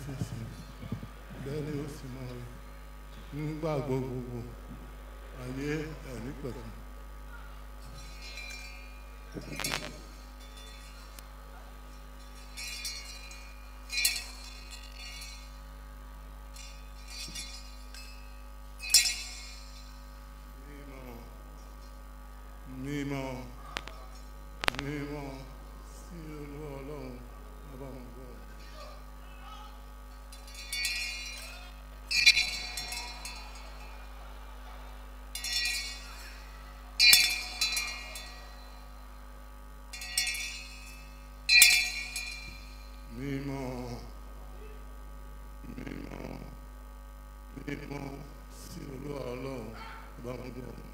nísinsìnyí bẹ́ẹ̀ ni ó sì mọ rẹ nígbà gbogbo ayé ẹ̀rí pẹ̀lú. mímọ́ mímọ́ sí olú ọlọ́run bàbá wọn. gbọ́n sí olúwa ọlọ́run bá wọn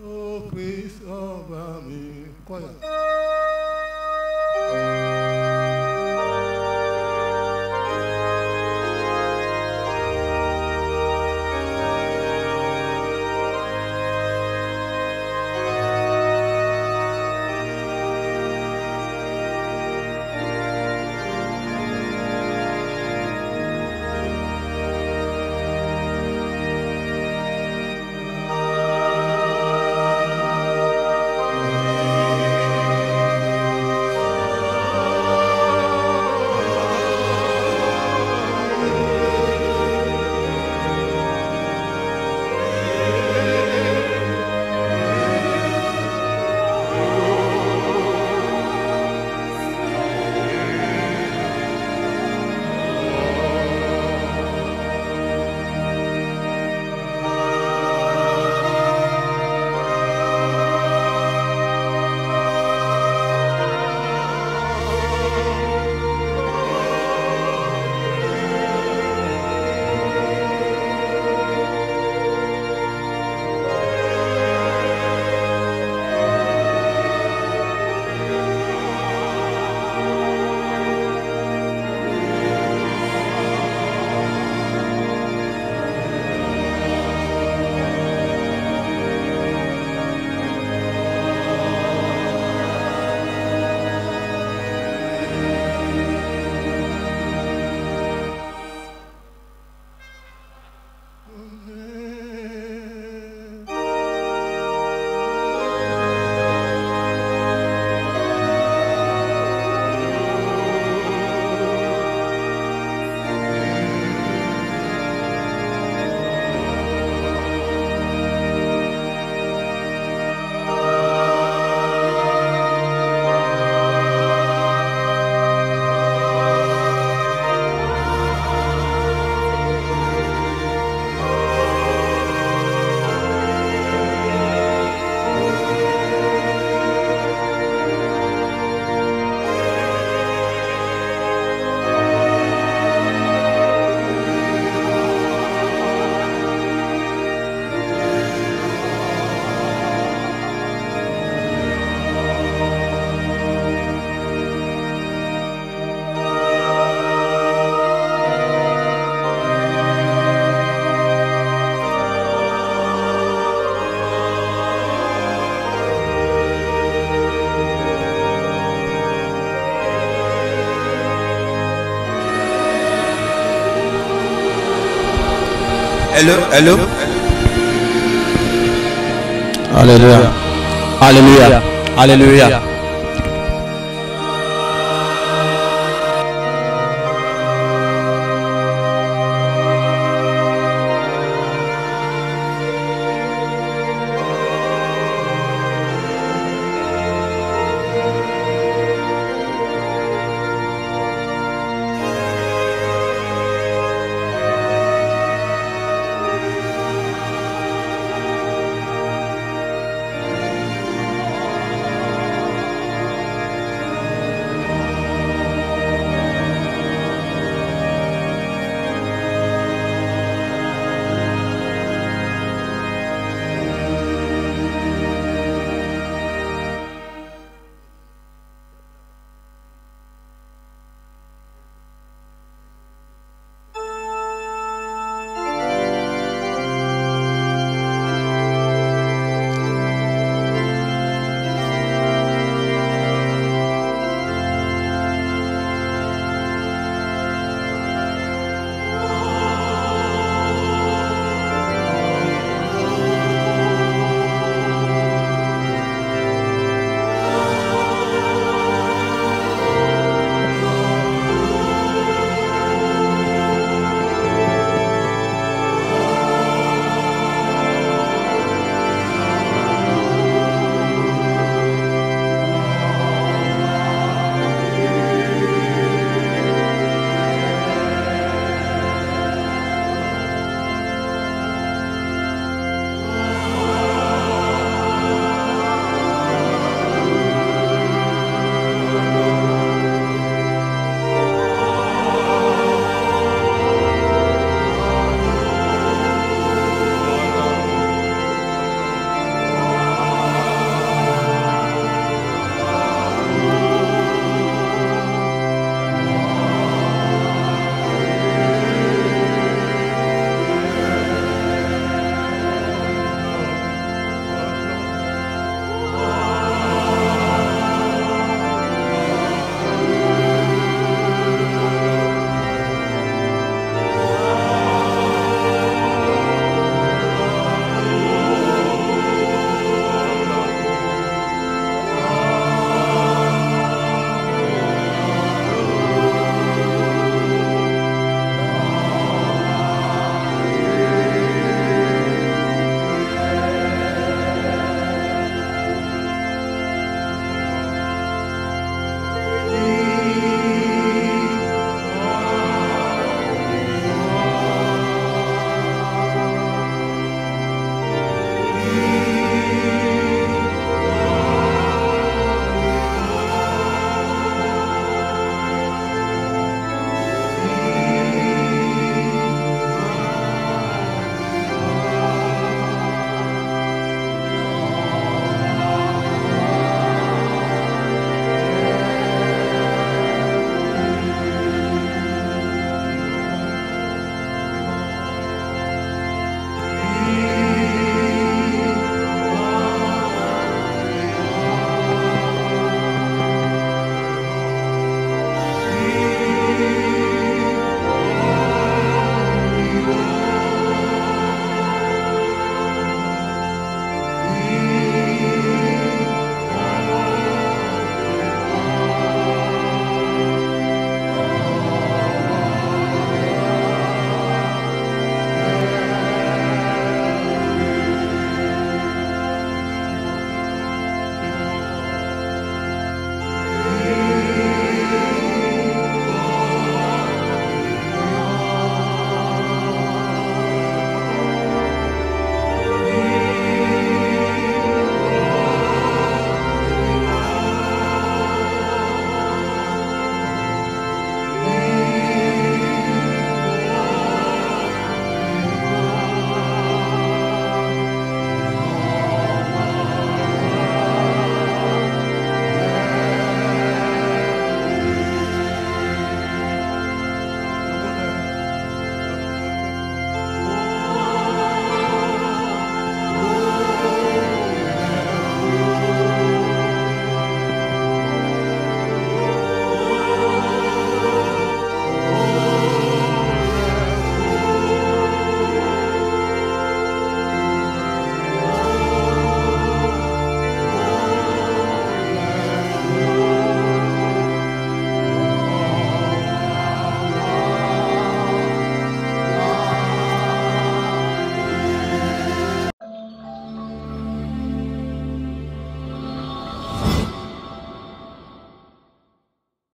Oh, Please, oh, mommy, quiet. hello, hello. Hallelujah. Hallelujah. Hallelujah.